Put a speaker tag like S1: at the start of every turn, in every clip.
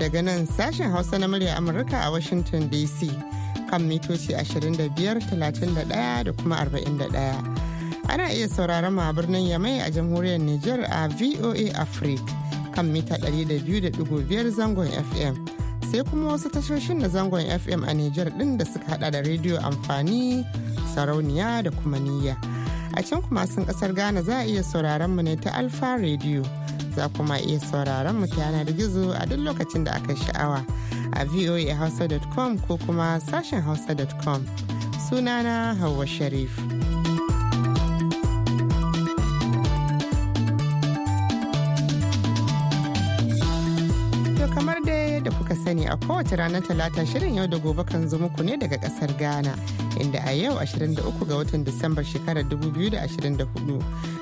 S1: daga nan sashen hausa na murya amurka a washington dc kan mitoci 25,31 da kuma 41 ana iya sauraron ma birnin yamai a jamhuriyar niger a voa africa kan mita 200.5 zangon fm sai kuma wasu tashoshin na zangon fm a niger din da suka hada da rediyo amfani sarauniya da kuma niyya a can kuma sun kasar ghana za a iya sauraron mu ne ta alfa rediyo za kuma iya sauraron mu ta yanar gizo a duk lokacin da aka sha'awa a voahausa.com ko kuma sashen hausa.com sunana Hauwa Sharif. kamar da kuka sani a kowace ranar talata shirin yau da gobe kan zo muku ne daga kasar ghana inda a yau 23 ga watan disambar shekarar 2024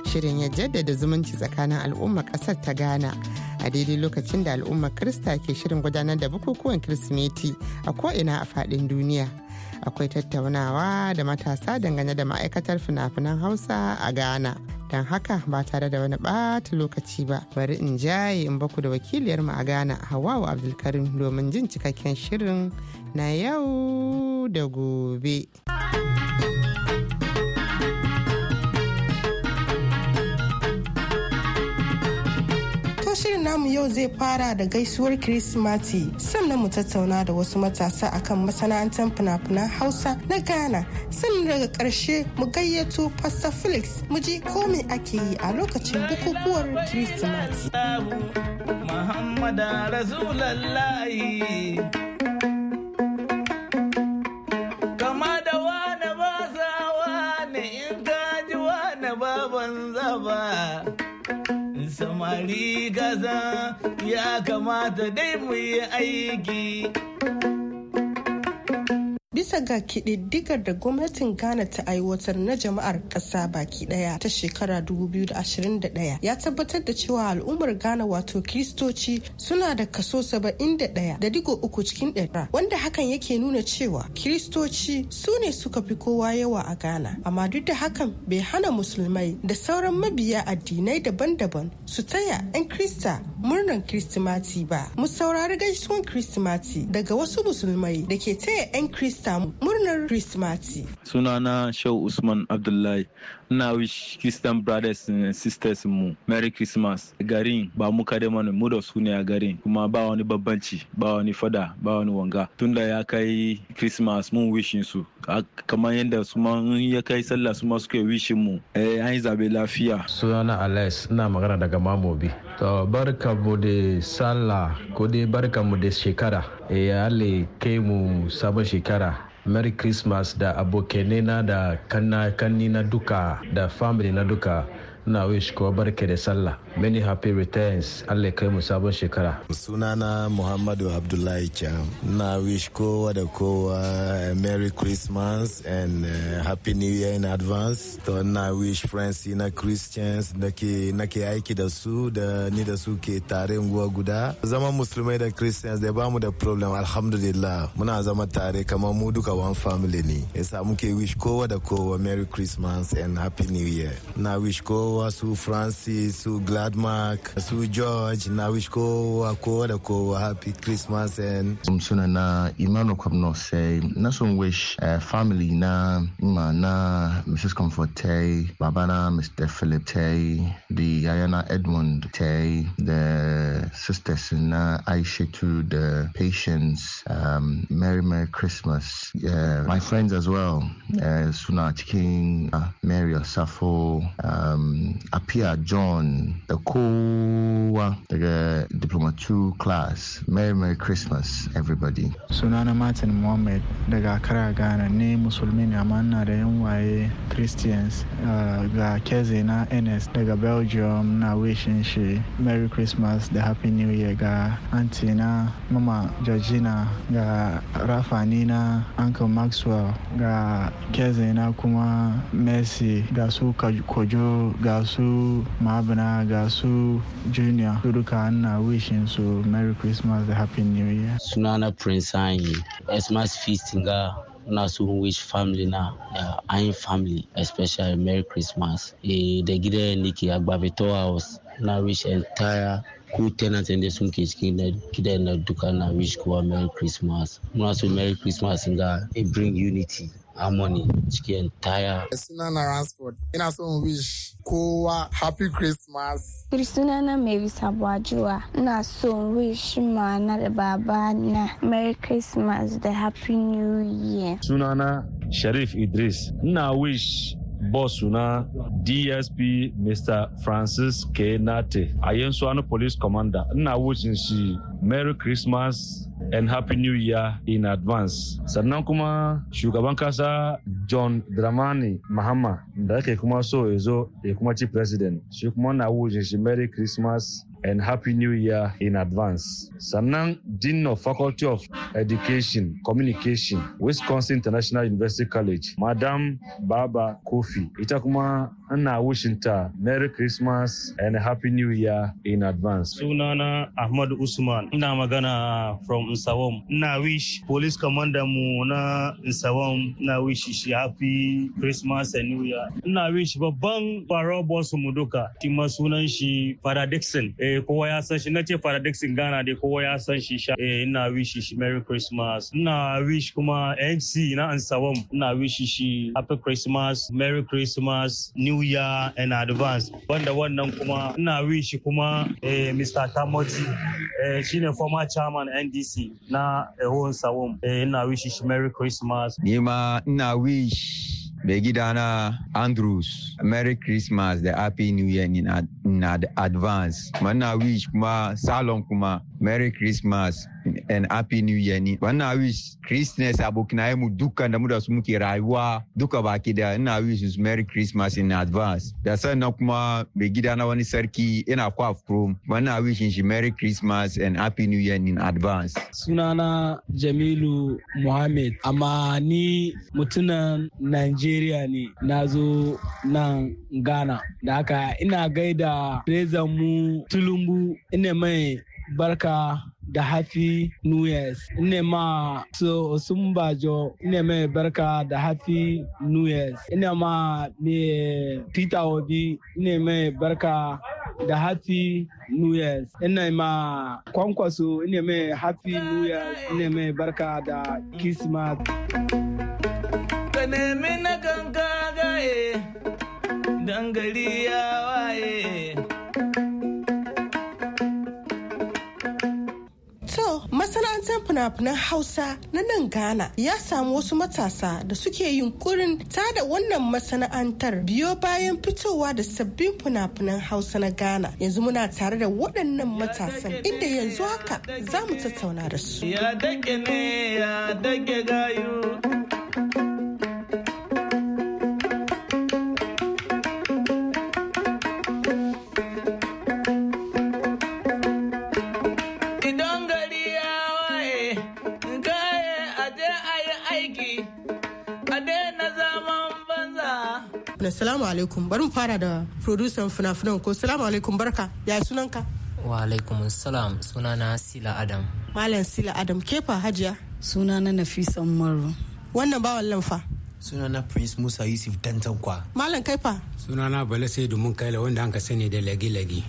S1: Shirin ya jaddada zumunci tsakanin al'ummar ƙasar ta Ghana a daidai lokacin da al'ummar Krista ke shirin gudanar da bukukuwan Kirsimeti a ko'ina a fadin duniya. Akwai tattaunawa da matasa dangane da ma'aikatar fina Hausa a Ghana. Don haka ba tare da wani ɓata lokaci ba, bari in jaye in baku da wakiliyar mu a Ghana, Hawawa Abdulkarim domin jin cikakken shirin na yau da gobe.
S2: Shirin namu yau zai fara da gaisuwar kirismati sannan mu tattauna da wasu matasa akan masana'antar fina-finan Hausa na Ghana sannan daga karshe mu gayyato Pastor Felix mu ji komai ake
S3: yi a lokacin bukukuwar Kirsimati. Muhammadu samari kaza ya kamata dai mu yi aiki
S2: bisa ga kididdigar da gwamnatin ghana ta aiwatar na jama'ar ƙasa baki ɗaya ta shekara 2021 ya tabbatar da cewa al'ummar ghana wato kiristoci suna da kaso 71 da digo uku cikin ɗaya wanda hakan yake nuna cewa kiristoci su ne suka fi kowa yawa a ghana amma duk da hakan bai hana musulmai da sauran mabiya addinai daban-daban su taya 'yan krista murnan kristimati ba mu saurari gaisuwan kristimati daga wasu musulmai da ke taya 'yan krista samu murnar Krismati.
S4: Sunana Shau Usman Abdullahi. na wish Christian brothers and sisters mu Merry Christmas. Garin ba mu kada mana mu da su ne a garin kuma ba wani babbanci ba wani fada ba wani wanga tunda ya kai Christmas mun wishin su kamar yadda su ma ya kai sallah su ma suke wishin mu eh an yi zabe lafiya. Sunana Alex ina magana daga Mamobi. To barka mu da sallah ko dai barka mu da shekara. Eh Allah kai mu sabon shekara merry christmas da abokanai na da kanni na duka da family na duka na wish ko barke da sallah many happy returns allah kai mu sabon shekara sunana
S5: muhammadu abdullahi can. na wish kowa da kowa merry christmas and uh, happy new year in advance to na wish friends na christians na ke aiki da su da ni da su ke tare unguwa guda zama musulmai da christians da bamu da problem alhamdulillah muna zama tare kamar mu duka one family ne yasa muke wish kowa da kowa merry christmas and happy new year na wish kowa su francis su glass admark su george na wish you a da
S4: happy christmas and suna na emmanuel kwabno say na son wish uh, family na ma na mrs comfort tay baba mr philip tay the ayana edmund tay the sisters na aisha
S1: to the patients um, merry merry christmas my friends as well uh, eh, suna chicken uh, mary osafo um,
S4: apia john the kowa daga diploma 2 class
S1: merry merry christmas everybody
S4: sunana martin mohammed daga kara ghana ne musulmi ne amma ina da yan waye christians uh, ga keze na ns
S2: daga belgium na wishin shi merry christmas da happy new year ga antina mama georgina ga rafani na uncle maxwell
S4: ga keze na kuma mercy ga su kojo ga su mabana ga da su junior su duka ina wishin su merry christmas
S3: da happy new year
S4: sunana prince anyi christmas feasting ga na so wish family na da eh, ayin family especially merry christmas e, da gidan niki agbabito house na wish entire ku tenants da sun ke cikin gida na duka na wish kowa merry christmas muna so merry christmas ga bring unity harmony cikin taya. Sunana Ransford, ina wish kowa
S5: happy Christmas.
S3: Sunana Mary Sabuajuwa, ina son wish ma na da baba na Merry Christmas da Happy New Year.
S6: Sunana Sharif Idris, ina wish boss suna dsp mr francis k nate a yanzu wani police commander ina wucin shi merry christmas and happy new year in advance sannan kuma shugaban kasa john dramani mahama da ake kuma so ya zo ya kuma ci president shi kuma na wucin shi merry christmas and Happy New Year in advance. Sannan Dean of Faculty of Education, Communication, Wisconsin International University College, Madam Baba Kofi. Ita kuma ana wishinta Merry Christmas and Happy New Year in advance. Sunana Ahmadu Usman, ina magana from Nsawam. Ina wish police commander mu na Nsawam, ina wish shi Happy Christmas and New Year. Ina wish babban baro boss mu duka, tima sunan shi Father Dixon. Eh, eh kowa ya san shi nace paradoxin Ghana dai kowa ya san shi sha eh ina wish shi merry christmas ina wish kuma MC na ansawam ina wish shi happy christmas merry christmas new year in advance wanda wannan kuma ina wish kuma eh Mr. Tamoti eh shine former chairman NDC na ehon sawam eh ina wish shi merry christmas ni ma
S4: ina wish mai gidana Andrews, Merry Christmas da Happy New Year in, ad, in ad, advance. Mana wish kuma salon kuma Merry Christmas and Happy New Year ni. Wannan wish Christmas abokina abokinaye mu dukkan da mu da su muke rayuwa duka baki da ina wish is Merry Christmas in advance. Da sannan kuma mai gida na wani sarki ina kwa from. Wannan wish shi Merry Christmas and Happy New Year in advance. Sunana Jamilu Muhammad amma ni mutumin Nigeria ne na zo nan Ghana. Da haka ina gaida prezan mu Tulumbu ina mai barka da happy new years ina ma so sun bajo ina mai barka da happy new years ina ma me peter obi ina mai barka da happy new years ina ma kwankwaso ina mai happy new years ina mai barka da christmas
S3: ka nemi na ganga gaye dangari yawa
S2: daraktan fina-finan hausa na nan ghana ya samu wasu matasa da suke yin ta tada wannan masana'antar biyo bayan fitowa da sabbin fina-finan hausa na ghana yanzu muna tare da waɗannan matasan inda yanzu haka za
S3: mu tattauna da su
S2: salamu alaikum bari mu fara da producer fina-finan ko salamu alaikum barka ya sunanka
S7: wa alaikum salam sunana sila adam
S2: malam sila adam kefa hajiya sunana nafisa maru wannan bawan lamfa
S4: sunana prince musa yusuf dantankwa
S2: malam kaifa
S4: sunana bala sai domin kaila wanda an ka sani da lagi-lagi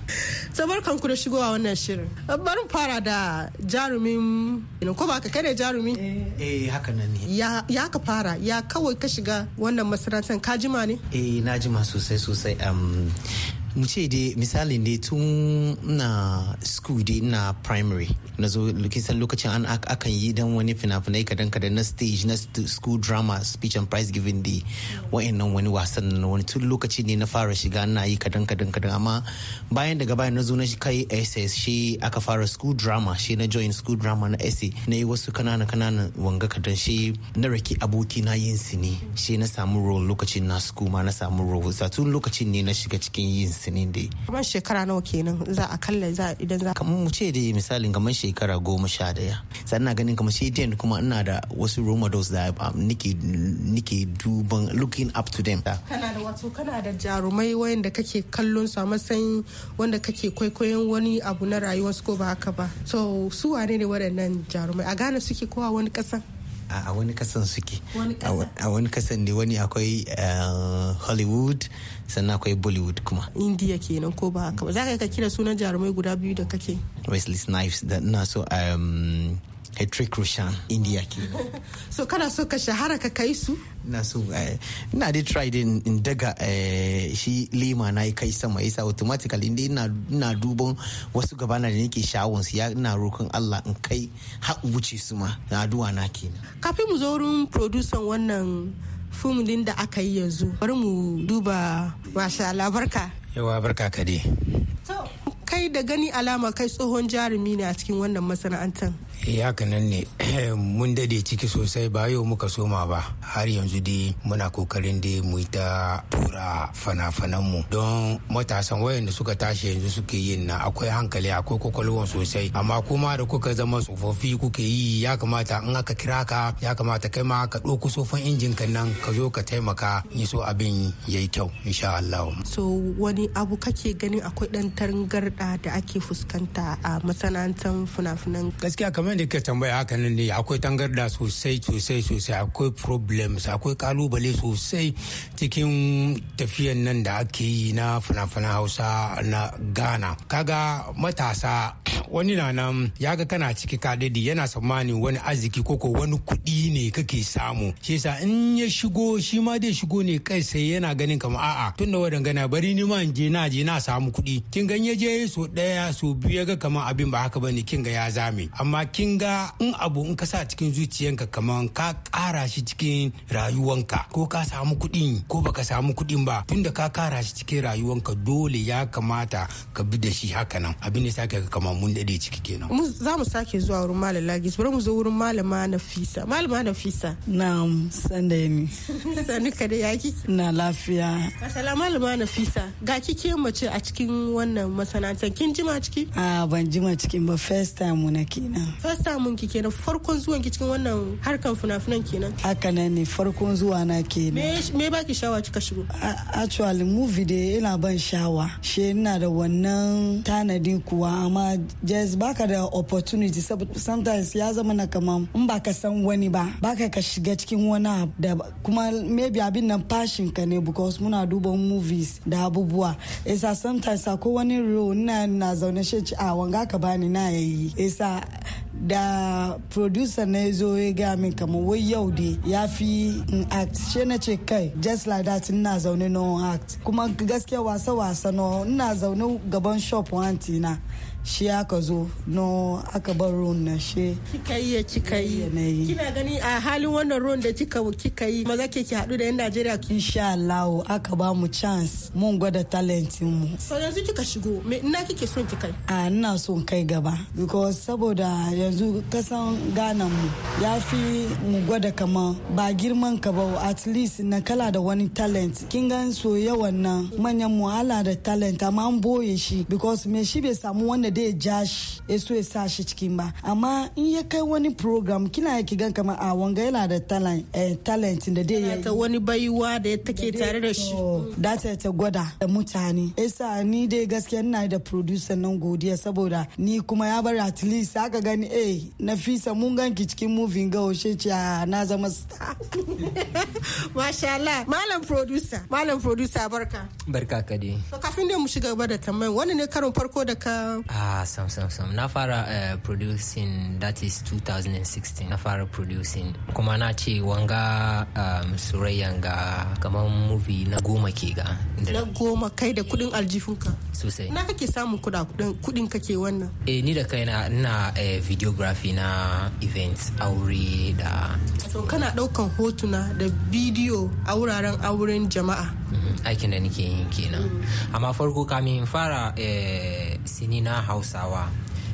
S2: so barkan ku da shigowa wannan shirin barin fara da jarumin ko ba ka da jarumin eh,
S4: eh haka nan
S2: ne ya ka fara ya kawai ka shiga wannan masana'antar ka jima ne
S5: eh na jima sosai sosai um, mu ce dai misali dai tun na school dai na primary na zo lokacin lokacin an akan yi dan wani fina-finai kadan kadan na stage na school drama speech and prize giving dai wa'annan wani wasan na wani tun lokaci ne na fara shiga na yi kadan kadan kadan amma bayan daga bayan na zo na kai ss shi aka fara school drama shi na join school drama na essay na yi wasu kanana kanana wanga kadan shi na raki aboki na yin ne shi na samu role lokacin na school ma na samu role tun lokacin ne na shiga cikin yin sinin dai
S2: kamar shekara nawa kenan za a kalla za idan za
S5: kamar mu ce dai misalin kamar shekara goma sha daya sannan ganin kamar shi kuma ina da wasu role models da um, nike nike duban looking up to them kana
S2: da wato kana da jarumai wayanda kake kallon su a matsayin wanda kake kwaikwayon wani abu na rayuwa ko ba haka ba to su wane ne waɗannan jarumai a gane suke kowa wani ƙasa
S5: a wani kasan suke a wani kasan ne wani akwai eh, hollywood sannan akwai bollywood kuma
S2: india kenan ko ba haka ba za ka kira sunan jarumai guda biyu da kake
S5: wesley snipes da ina so um, Patrick Roshan India ke.
S2: so kana so ka shahara ka kai su?
S5: Na so eh, ina dai try din in daga eh, shi lima na kai sama yasa automatically inda ina duban wasu gabana da nake shawon su ya ina roƙon Allah in kai har wuce su ma na addu'a na kenan.
S2: Kafin mu zo wurin producer wannan film din da aka yi yanzu bari mu duba masha Allah barka.
S4: Yawa barka ka dai.
S2: kai da gani alama kai tsohon jarumi ne a cikin wannan masana'antar.
S4: e haka ne mun dade ciki sosai ba yau muka soma ba har yanzu dai muna kokarin dai mu ta tura fana-fanan mu don matasan da suka tashi yanzu suke yin na akwai hankali akwai kwakwalwan sosai amma kuma da kuka zama tsofaffi kuke yi ya kamata in aka kira ka ya kamata kai ma ka ɗauko sofan injin ka nan ka zo ka taimaka in so abin yayi kyau insha Allah so
S2: wani abu kake ganin akwai dan garɗa da ake fuskanta a masana'antar fina-finan gaskiya
S4: kamar da ka tambaya haka nan ne akwai tangarda sosai sosai sosai akwai problems akwai kalubale sosai cikin tafiyan nan da ake yi na fina fina hausa na ghana kaga matasa wani na nan ya ga kana ciki kadadi yana tsammanin wani arziki ko wani kuɗi ne kake samu shi yasa in ya shigo shi ma dai shigo ne kai sai yana ganin kama a'a tun da gana bari ni ma in je na je na samu kuɗi kin ganye je so ɗaya so biyu ya ga kamar abin ba haka bane kin ga ya zame amma kin ga in abu in ka sa cikin zuciyanka kaman ka kara shi cikin rayuwanka ko ka samu kuɗi ko baka samu kuɗin ba tunda ka kara shi cikin rayuwanka dole ya kamata ka bi da shi haka nan abin da sake kaman mun dade ciki kenan
S2: za mu sake zuwa wurin malam lagis bari mu zo wurin malama nafisa malama nafisa na'am sanda ni sanu ka da yaki na lafiya masala malama nafisa ga kike mace a cikin wannan masana'antar kin jima ciki a ah, ban jima cikin ba first time na kenan first time mun ki kenan farkon zuwan ki cikin wannan harkan funafunan kenan haka ne ne farkon zuwa
S8: na kenan
S2: me baki shawa kika shigo actually movie dai ina ban
S8: shawa she ina da wannan tanadi kuwa amma just baka da opportunity sometimes ya zama na kaman in baka san wani ba baka ka shiga cikin wani da kuma maybe abin nan fashion ka ne because muna duban movies da abubuwa isa sometimes akwai wani role na na zaune shi a ah, wanga ka bani na yayi isa da producer na ya zo ya gaya min kamar wai yau da ya fi in act she na ce kai just like that ina zaune na act kuma gaskiya wasa wasa na ina zaune gaban shop wanti na shi aka zo no aka bar ruwan na
S2: shi kika yi kika yi kina gani a halin wannan ruwan da kika kika yi maza ke ki hadu da yan Najeriya insha Allah aka ba mu chance mun gwada talent mu so yanzu kika shigo me ina kike son ki kai
S8: a ina son kai gaba because saboda yanzu kasan gana mu ya fi mu gwada kama ba girman ka ba at least na kala da wani talent kin gan so yawan nan manyan mu ala da talent amma an boye shi because me shi bai samu wanda dai ja shi ya so ya sa shi cikin ba amma in ya kai wani program kina ya gan kamar a ah, wanga yana da talent eh, talent da dai ya ta wani
S2: baiwa da take tare da shi
S8: da ta ta gwada da mutane yasa ni dai gaskiya ina da producer nan godiya saboda ni kuma ya bar at least aka gani eh Nafisa mun gan ki cikin movie ga oshe ce ah, na zama star
S2: masha Allah malam producer malam producer barka
S7: barka ka dai
S2: to kafin dai mu shiga gaba da tambayan wani ne karin farko da ka
S7: ah, Ah, sam sam sam. Na fara uh, producing that is 2016. Na fara producing. Kuma na ce wanga um, surayyan ga kamar movie na goma ke ga. Na goma kai da kudin eh, aljifunka. Sosai.
S2: Na kake samun kuda kudin kake wannan?
S7: Eh ni da kai na na uh, eh, videography na events aure da.
S2: So kana daukan hotuna da video
S7: a wuraren auren jama'a. aikin da nake yin kenan amma farko kamin fara eh, sini na hausawa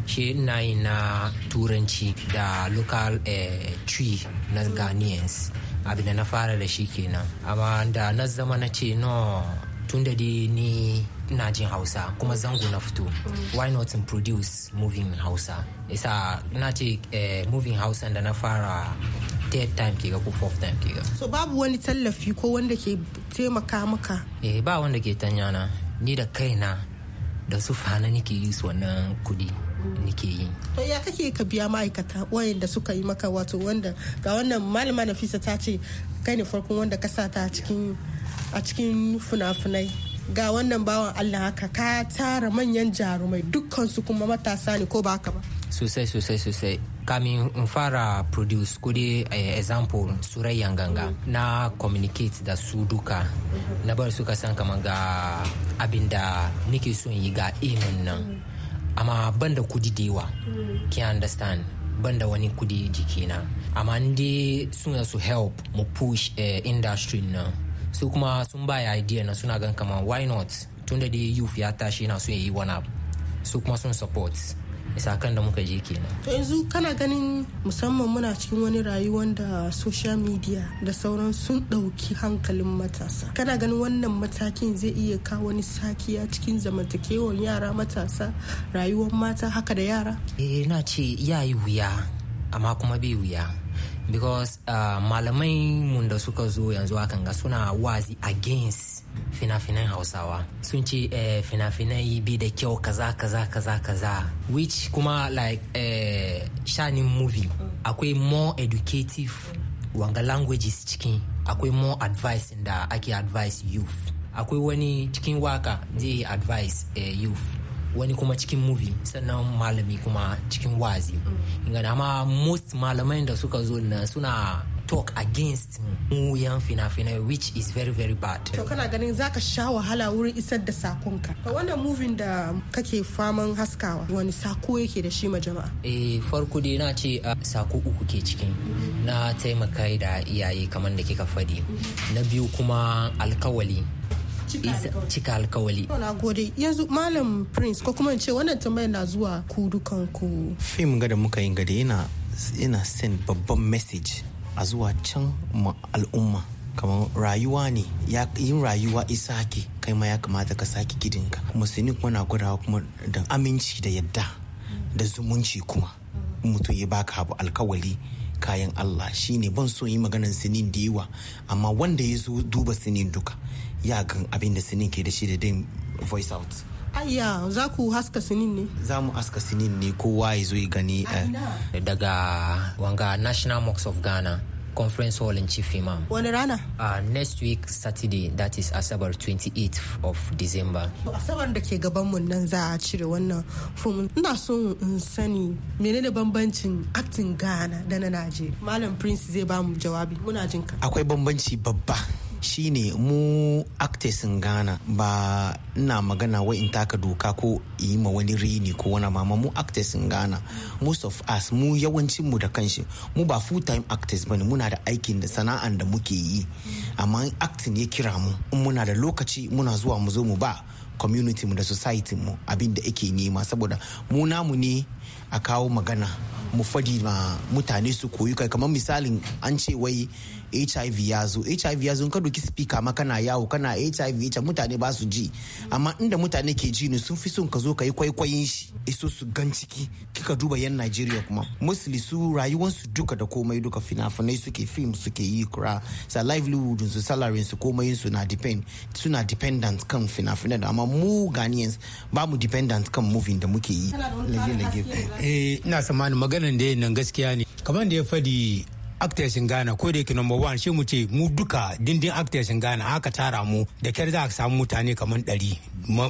S7: shi ina yi na turanci da local eh, tree na ghanaians abinda na fara da shi kenan amma da na zama na ce no tun da ni na jin hausa kuma zango na fito why not in produce moving hausa isa na ce eh, moving hausa da na fara third time ke ga ko fourth time ke ga so babu wani tallafi ko wanda ke taimaka maka eh ba wanda ke tanya na ni da kaina da su fana nake yi su wannan kudi nake yi
S2: to ya kake ka biya ma'aikata wayanda suka yi maka wato wanda ga wannan malama nafisa ta ce kai ne farkon wanda ka sata a cikin a cikin funafunai. ga wannan bawan Allah haka ka tara manyan jarumai dukkan su kuma matasa ne ko ba haka ba
S7: sosai sosai sosai kamin in fara produce ko dai eh, example surayyan ganga na communicate da su duka na bar suka san kamar ga abin da nake son yi ga imin nan amma ban da kudi da yawa ki understand ban da wani kudi jikina amma ndi suna su help mu push eh, industry nan su kuma sun baya idea na suna gan kamar why not tunda da youth ya tashi na su yi wani abu su kuma sun support sakan da muka je kenan
S2: to yanzu kana ganin musamman muna cikin wani rayuwar da social media da sauran sun ɗauki hankalin matasa kana ganin wannan matakin zai iya kawo wani sakiya cikin zamantakewar yara matasa rayuwar mata haka da yara eh na ce ya yi
S7: wuya amma kuma bai wuya because ah, malamai mun da suka zo yanzu akan ga suna wazi against fina-finan hausawa sun ce eh, fina-finai bi da kyau kaza kaza kaza kaza which kuma like eh, shanin movie akwai more educative wanga languages cikin akwai more advice da ake advice youth akwai wani cikin waka zai advice eh, youth wani kuma cikin movie sannan malami kuma cikin wazi ingana ma most malamai da suka zo na suna talk against mu yan fina-finai which is very very bad. To
S2: kana ganin zaka sha wahala wurin isar da sakonka. Ka wannan movie da kake faman haskawa wani sako yake da shi ma jama'a?
S7: Eh farko dai na ce ah, sako uku ke cikin na taimaka da iyaye kamar da kika faɗi. Na biyu kuma alkawali cika alkawali.
S2: Na gode yanzu Malam Prince ko kuma ce wannan tambayar na zuwa ku ku.
S7: Fim ga da muka yi gada
S5: yana yana send babban message a zuwa can al'umma kamar rayuwa ne yin rayuwa isa ke kai ma ya kamata ka sake gidinka ka kuma na gwadawa kuma da aminci da yadda da zumunci kuma mutum ya baka abu alkawali kayan Allah shine ban so yi maganan sinin da yiwa amma wanda ya zo duba sinin duka ya gan abin da sinin ke da shi da dai voice out
S2: Ayya za ku haska sinin ne?
S7: Za mu haska sinin ne kowa ya zo gani gani eh, daga wanga National Mosque of Ghana. conference hall in chief imam wani rana uh, next week saturday that is asabar 28th of december asabar da ke
S2: gaban mu nan za a cire wannan fom ina so in sani menene bambancin acting ghana da na najeriya malam prince zai ba mu jawabi muna jinka
S5: akwai bambanci babba shine mu in ghana ba ina magana wa in taka doka ko yi ma wani rini ko wani mama mu in ghana most of us mu yawancin mu da kanshi mu ba full time actors ne muna da aikin da sana'an da muke yi amma acting ya kira mu muna da lokaci muna zuwa mu zo mu ba community mu da society mu abin da ake nema saboda mu namu ne a kawo magana mu fadi ma mutane su koyi kai kamar misalin an ce wai hiv ya zo hiv ya zo ka doki speaker ma kana yawo kana hiv ita mutane ba su ji amma inda mutane ke ji ne sun fi son ka zo ka yi kwaikwayin shi iso su gan ciki kika duba yan najeriya kuma mostly su rayuwansu duka da komai duka fina-finai suke film suke yi kura sa livelihood su salary su komai su na depend suna dependent kan fina-finai amma mu ghanaians
S4: ba mu dependent kan moving da muke yi
S5: lage-lage eh
S4: ina tsammanin maganar da nan gaskiya ne kamar da ya fadi actors in Ghana ko da yake number one shi mu ce mu duka dindin actors in Ghana aka tara mu da kyar za a samu mutane kamar ɗari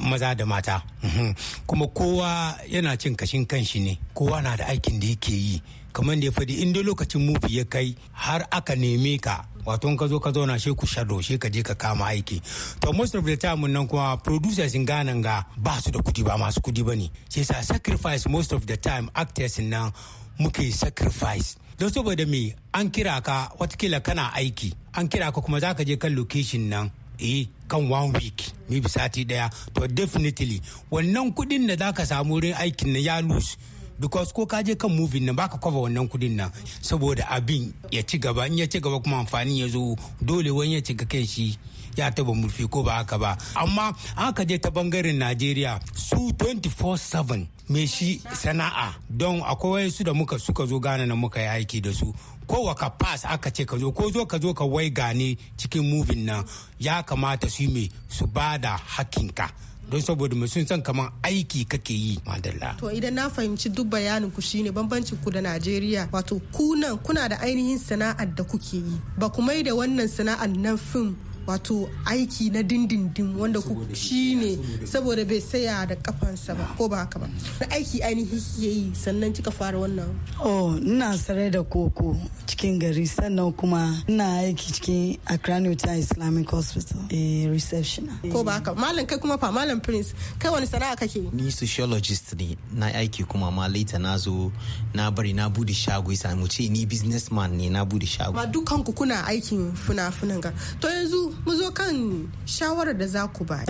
S4: maza da mata mhm. kuma kowa yana cin kashin kanshi ne kowa na da aikin da yake yi kamar da ya faɗi inda lokacin mufi ya kai har aka neme ka wato ka zo ka zauna shi ku shado shi ka je ka kama aiki to most of the time nan kuma producers in Ghana ga ba su da kudi ba masu kudi bane sai sa sacrifice most of the time actors nan muke sacrifice don saboda me an kira ka watakila kana aiki an kira ka kuma za ka je kan location nan eh kan one week bi sati daya to definitely wannan kudin da za ka samu wurin aikin na ya lose because ko ka je kan movie nan baka cover wannan kudin nan saboda abin ya ci gaba in ya ci gaba kuma amfani ya zo dole wani ya ci ga kai shi ya taba murfi ko ba haka ba amma aka je ta bangaren najeriya su 24/7 me shi sana'a don akwai su da muka suka zo gane na muka yi aiki da su ko ka pass aka ce ka zo ko zo ka zo ka wai gane cikin movin nan ya kamata su me su ba da hakinka don saboda mai sun san kamar aiki kake yi madalla. To
S2: idan na fahimci duk bayanin ku shine bambancin ku da Najeriya wato kunan kuna da ainihin sana'ar da kuke yi ba kuma da wannan sana'ar nan fim wato aiki na dindindin wanda shi ne saboda bai saya da kafansa ba ko ba haka ba na aiki ainihi ya yi sannan cika fara wannan
S8: oh ina sare da koko cikin gari sannan kuma ina aiki cikin Accra Newtown
S2: Islamic Hospital a reception ko ba haka malam kai kuma fa malam prince kai wani
S5: sana'a kake ni sociologist ne na aiki kuma ma later na zo na bari na bude shago isa mu ce ni businessman ne na bude shago ma
S2: dukkan ku kuna aikin funa-funan ga to yanzu mu zo kan shawara da za ku ba.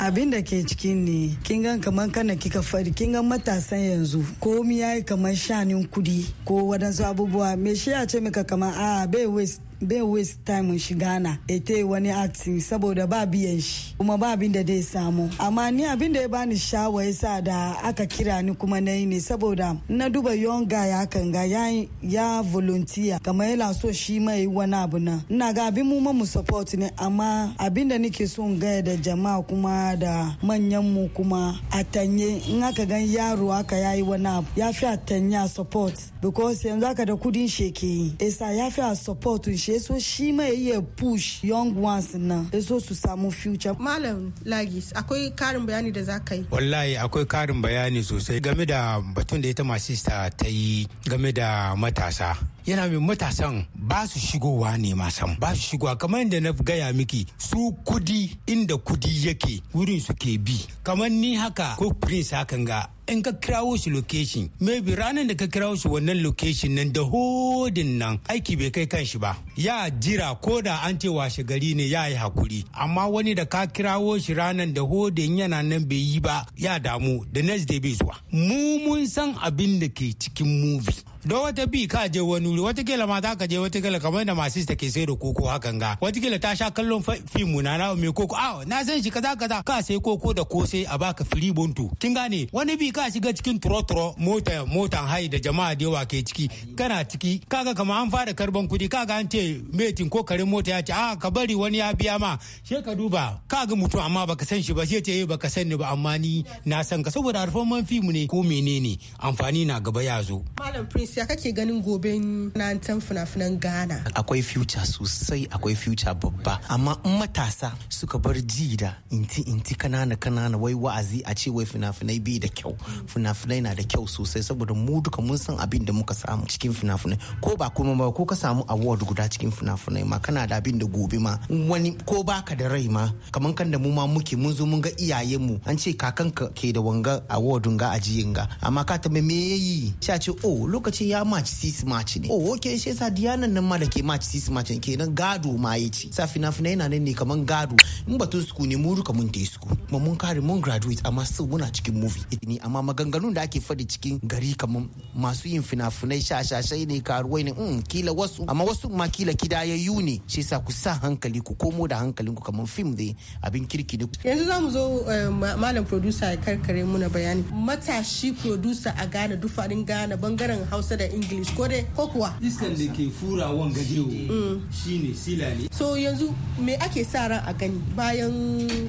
S2: Abin da ke cikin
S8: ne kin gan kamar kana kika fari kin gan matasan yanzu komi yi kamar shanin kudi ko waɗansu abubuwa me shi ya ce maka kamar a bai waste bai waste time shi gana ya ta wani acting saboda ba biyan shi kuma ba abin da dai samu amma ni abin da ya bani shawa yasa da aka kira ni kuma na yi ne saboda na duba yon ya kan ga ya ya volunteer kamar yana so shi mai wani abu na ina ga abin mu mu support ne amma abin da nake so gaya da jama'a kuma da manyan mu kuma a tanye in aka gan yaro aka yi wani abu ya fi a tanya support because yanzu aka da kudin sheke yasa ya fi a support shi ce so shi mai iya
S2: push young ones na. ya so su samu future malam lagis akwai karin bayani da za
S5: ka yi
S4: wallahi akwai karin bayani sosai game da batun da ita masista ta yi game da matasa yana mai matasan ba su shigowa ne masan ba su shigowa kamar yadda na gaya miki su kudi inda kudi yake wurin su ke bi kamar ni haka ko prince hakan ga in ka kirawo shi location maybe ranar da ka kira shi wannan location nan da hodin nan aiki bai kai kanshi ba ya jira ko da an ce washe gari ne ya yi hakuri amma wani da ka kirawo shi ranar da hodin yana nan bai yi ba ya damu da next day bai zuwa mu mun san abin da ke cikin movie don wata bi ka je wani wuri kila ma za ka je kila kamar da masu ta sai da koko hakan ga kila ta sha kallon fim na na mai koko a na san shi kaza kaza ka sai koko da kosai a baka free bonto kin gane wani bi ka shiga cikin turo-turo mota motan hai da jama'a da yawa ke ciki kana ciki kaga kama an fara karban kudi kaga an ce metin ko karin mota ya ce a ah, ka bari wani ya biya ma she ka duba kaga mutum amma baka san shi ba she ce eh, baka san ni ba amma ni na san ka saboda arfan man mu ne ko menene amfani na gaba ya zo
S2: malam prince ya kake ganin gobe na tan fina-finan ghana
S4: akwai future
S5: sosai akwai future babba amma in matasa suka bar ji da inti inti kanana kanana wai wa'azi a ce wai fina-finai bai da kyau fina-finai na da kyau sosai saboda mu duka mun san abin da muka samu cikin fina-finai ko ba kuma ba ko ka samu award guda cikin fina-finai ma kana da abin da gobe ma wani ko baka da rai ma kamar kan da mu ma muke mun zo mun ga iyayenmu an ce ka ke da wanga award ga ajiyin ga amma ka ta me yayi sha ce oh lokacin ya match six match ne oh okay shi yasa diyanan nan ma da ke match six match ne kenan gado ma ya sa fina-finai na nan ne kamar gado in batun suku ne mu duka mun te suku mun kare mun graduate amma su muna cikin movie ni amma maganganun da ake faɗi cikin gari kamar masu yin fina-finai shashashai ne karuwai ne mm, kila wasu amma wasu ma kila kidayayyu ne shi sa ku sa hankali ku komo da hankalin ku kamar fim dai abin kirki ne yanzu zamu zo eh, malam producer
S2: ya karkare muna bayani matashi producer a Ghana dufarin Ghana bangaren Hausa da
S4: English ko dai ko kuwa iskan da ke furawan gajewo mm. shine silale so
S2: yanzu me ake sa ran a gani bayan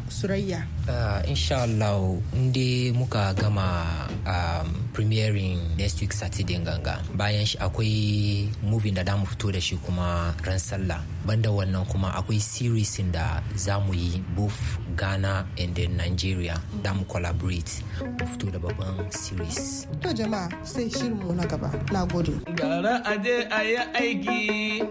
S2: surayya
S7: ah, insha Allah inda muka gama a um, premiering next week saturday ganga bayan shi akwai movie da mu fito da shi kuma ran sallah banda wannan kuma akwai series da za mu yi both ghana and then nigeria da mu
S3: collaborate mu fito da babban series
S2: to jama'a sai mu na gaba na gode
S3: gara aje a aiki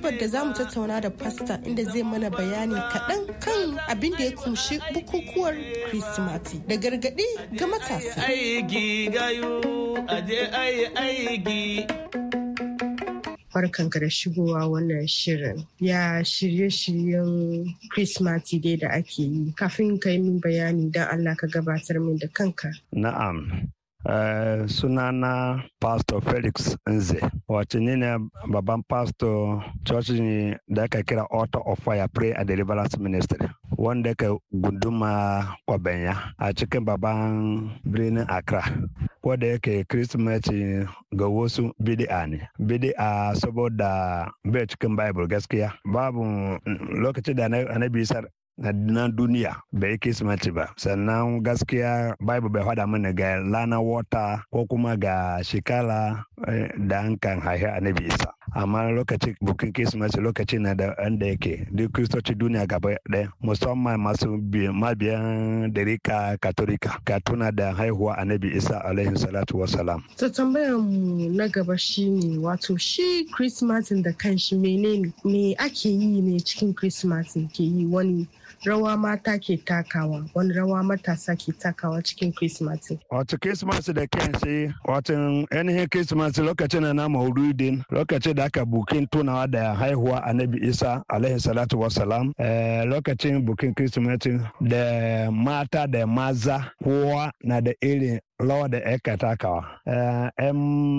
S2: gabar da za mu tattauna da pasta inda zai mana bayani kaɗan kan abin da ya kunshi bukukuwar Kirsimati da gargaɗi ga matasa. Farkan gayo, da shigowa wannan shirin ya shirye-shiryen christmas dai da ake yi kafin ka yi min bayani don allah ka gabatar min da kanka
S6: na'am Eh, sunana pastor felix nze wace ne ne babban pastor church ne da aka kira author of fire pray and deliverance ministry wanda ka gunduma kwabanya a cikin babban birnin accra wanda yake christmas ga wasu bid'a ne bid'a saboda bai cikin bible gaskiya babu mm, lokacin da annabi na duniya bai kismati ba sannan gaskiya bible bai faɗa mana ga lana wata ko kuma ga shekara eh, da an kan a annabi isa amma lokacin bukin kismati lokaci na da wanda yake duk kristoci duniya gaba ɗaya musamman masu mabiyan darika katolika ka tuna da haihuwa nabi isa alaihi salatu wasalam
S2: to tambayan na gaba shine wato shi christmas da kanshi menene me ake yi ne cikin christmas ke yi wani rawa mata ke takawa wani rawa matasa ke takawa cikin Christmas.
S6: Wato Christmas da kan sai wato ainihin Christmas lokacin na mauludin lokacin da aka bukin tunawa da haihuwa Annabi Isa alaihi salatu wasalam eh, lokacin bukin Christmas da mata da maza kowa na da irin rawa da 'yar takawa. 'yan eh,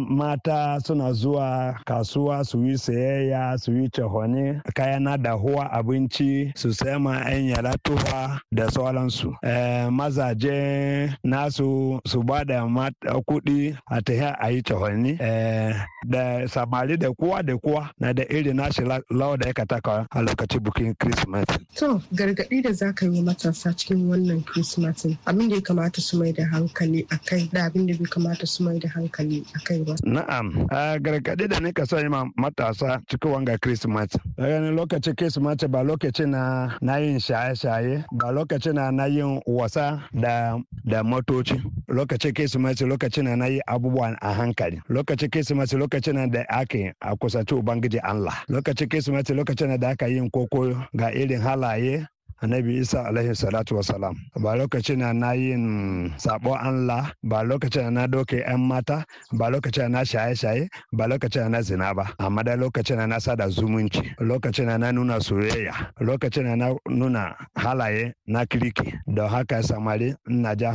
S6: mata suna zuwa kasuwa su yi sayayya su yi cahone kayan dahuwa abinci su ma 'yan yara tufa da sauransu eh, mazaje nasu su ba da kuɗi a ta a yi cahone eh, da samari da kowa da kowa na da iri nashi lawa da 'yar takawa a lokacin bukin christmas to
S2: gargaɗi da za ka yi matasa cikin wannan christmas abin da ya kamata su mai da hankali a kai da abin da bai kamata su mai da hankali a kai ba.
S6: Na'am, a gargaɗi da nika yi ma matasa cikin wanga Kirsimati. Gani lokacin Kirsimati ba lokacin na na yin shaye-shaye, ba lokacin na na yin wasa da da motoci. Lokacin Kirsimati lokacin na na yi abubuwa a hankali. Lokacin Kirsimati lokacin na da ake a kusanci Ubangiji Allah. Lokacin Kirsimati lokacin na da aka yin koko ga irin halaye annabi isa alaihi salatu wasalam ba lokacin na yin mm, sabon allah ba lokacin na doke yan mata ba lokacin na shaye-shaye ba lokacin na zina ba amma da lokacin na sada zumunci lokacin na nuna soyayya lokacin na nuna halaye na kiriki. Da haka samari ina ja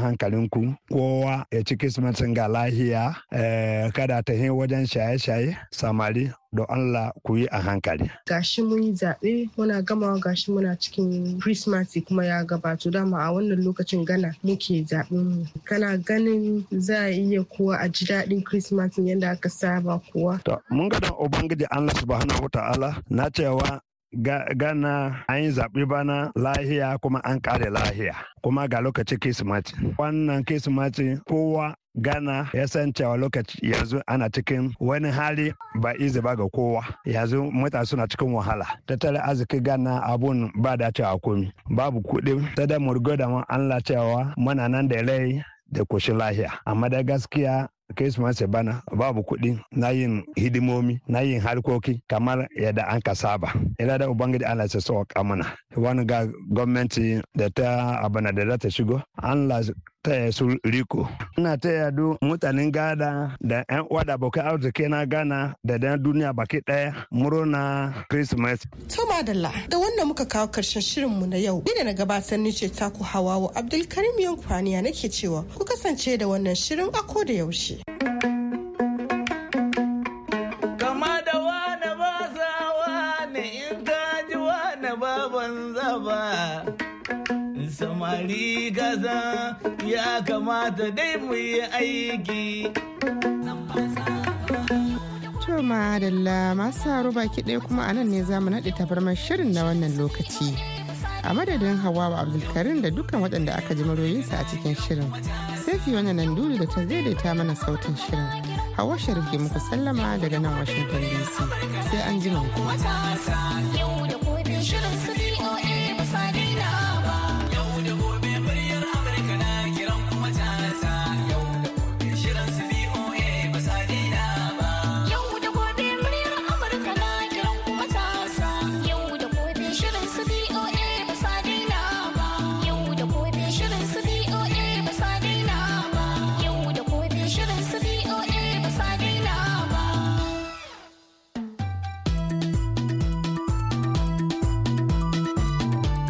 S6: ku kowa ya ci kismatin ga lahiya eh, kada ta hin wajen shaye-shaye samari don Allah ku yi a hankali.
S2: Gashi mun yi zaɓe muna gamawa gashi muna cikin Christmas kuma ya gabato dama a wannan lokacin gana muke zaɓen mu. Kana ganin za a iya kuwa a ji daɗin Christmas yadda aka saba kuwa.
S6: mun ga dan Ubangiji Allah subhanahu wa ta'ala na cewa gana an yi zaɓi bana lahiya kuma an ƙare lahiya kuma ga lokacin kirsimati wannan kirsimati kowa Gana ya san cewa lokaci yanzu ana cikin wani hali ba izi ba ga kowa yanzu mutane suna cikin wahala tattalin arziki gana abun ba da cewa komi babu kuɗi sai da murgo da Allah cewa muna nan da lai da koshin lahiya amma da gaskiya Christmas bana babu kuɗi na yin hidimomi na yin harkoki kamar yadda an ka saba. Ina da Ubangiji Allah ya sauka kamana. wani ga gwamnati da ta abana da za ta shigo an taya su riko ina taya du mutanen gada da yan uwa da abokan arziki na gana da dan duniya baki daya muro na christmas
S2: to madalla da wannan muka kawo karshen shirinmu na yau ni da na gabatar ni ce taku hawawo abdulkarim yankwaniya nake cewa ku kasance da wannan shirin ako da yaushe
S3: samari gaza ya kamata dai mu yi aiki
S1: to madalla masu haru baki ɗaya kuma a nan ne za mu naɗe tabarmar shirin na wannan lokaci a madadin hawa wa abdulkarim da dukkan waɗanda aka ji maroyinsa a cikin shirin sai fi wannan nan duri da ta daidaita mana sautin shirin hawa ke muku sallama daga nan washington dc
S3: sai an ji mu